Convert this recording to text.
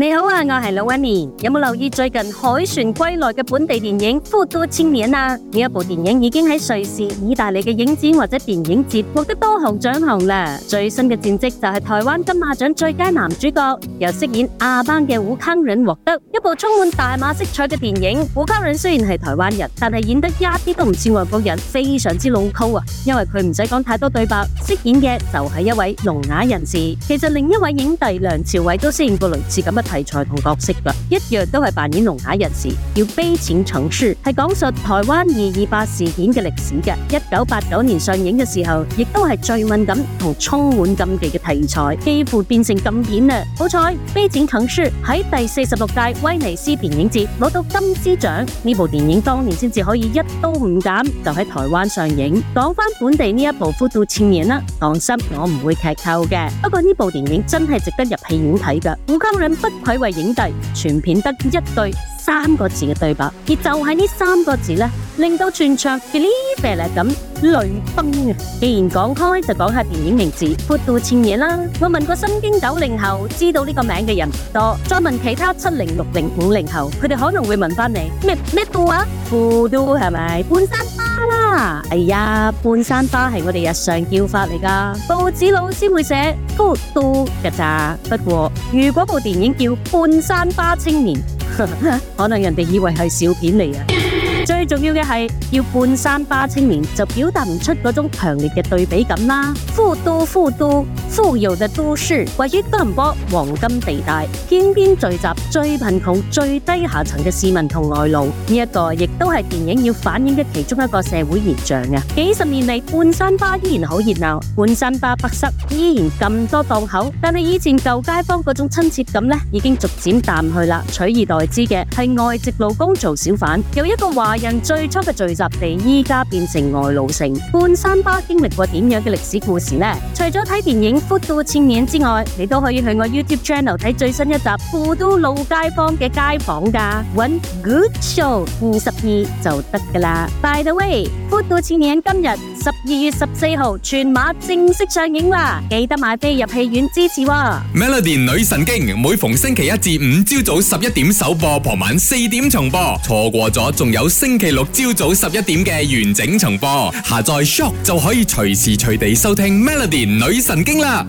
你好啊，我係老 Vinny，有冇有留意最近凱旋歸來嘅本地電影《富都青年》啊？呢部電影已經喺瑞士、意大利嘅影展或者電影節獲得多項獎項了，最新嘅戰績就係台灣金馬獎最佳男主角，由飾演阿邦嘅吳慷仁獲得。一部充滿大馬色彩嘅電影，吳慷仁雖然係台灣人，但係演得一啲都唔似外國人，非常之老粗啊！因為佢唔使講太多對白，飾演嘅就係一位聾啞人士。其實另一位影帝梁朝偉都飾演過類似咁嘅。題材同角色嘅一樣都係扮演聾啞人士，叫《悲情城市》，係講述台灣二二八事件嘅歷史嘅。一九八九年上映嘅時候，亦都係最敏感同充滿禁忌嘅題材，幾乎變成禁片啦。好彩《悲情城市》喺第四十六屆威尼斯電影節攞到金獅獎，呢部電影當年先至可以一刀唔剪就喺台灣上映。講翻本地呢一部《富都青年》啦，放心我唔會劇透嘅。不過呢部電影真係值得入戲院睇嘅，苦襟人不，佢為影帝，全片得一對三個字嘅對白，而就係呢三個字咧，令到全場飛嚟飛嚟咁淚崩啊！既然講開，就講下電影名字《富都青年》啦。我問過身邊九零後知道呢個名嘅人唔多，再問其他七零、六零、五零後，佢哋可能會問翻你咩咩都啊？富都係咪半山？啊，哎呀，半山芭係我哋日常叫法嚟噶，報紙老師會寫富都嘅咋。不過如果部電影叫《半山芭青年》，可能人哋以為係笑片嚟啊。最重要嘅係，叫《半山芭青年》就表達唔出嗰種強烈嘅對比感啦。富都富都。富有的都市位於吉隆坡黃金地帶，偏偏聚集最貧窮、最低下層嘅市民同外勞。呢、這、一個亦都係電影要反映嘅其中一個社會現象啊！幾十年嚟，半山芭依然好熱鬧，半山芭北側依然咁多檔口，但是以前舊街坊嗰種親切感呢，已經逐漸淡去了。取而代之嘅係外籍勞工做小販。由一個華人最初嘅聚集地，依家變成外勞城。半山芭經歷過怎樣嘅歷史故事呢？除咗睇電影。《富都青年》之外，你都可以去我 YouTube Channel 睇最新一集《富都老街坊》嘅街訪噶，揾 Good Show 二十二就得噶啦。By the way，《富都青年》今日，十二月十四號全馬正式上映啦，記得買票入戲院支持喎、哦。Melody 女神經每逢星期一至五朝早十一點首播，傍晚四點重播，錯過咗仲有星期六朝早十一點嘅完整重播。下載 Shock 就可以隨時隨地收聽 Melody 女神經啦。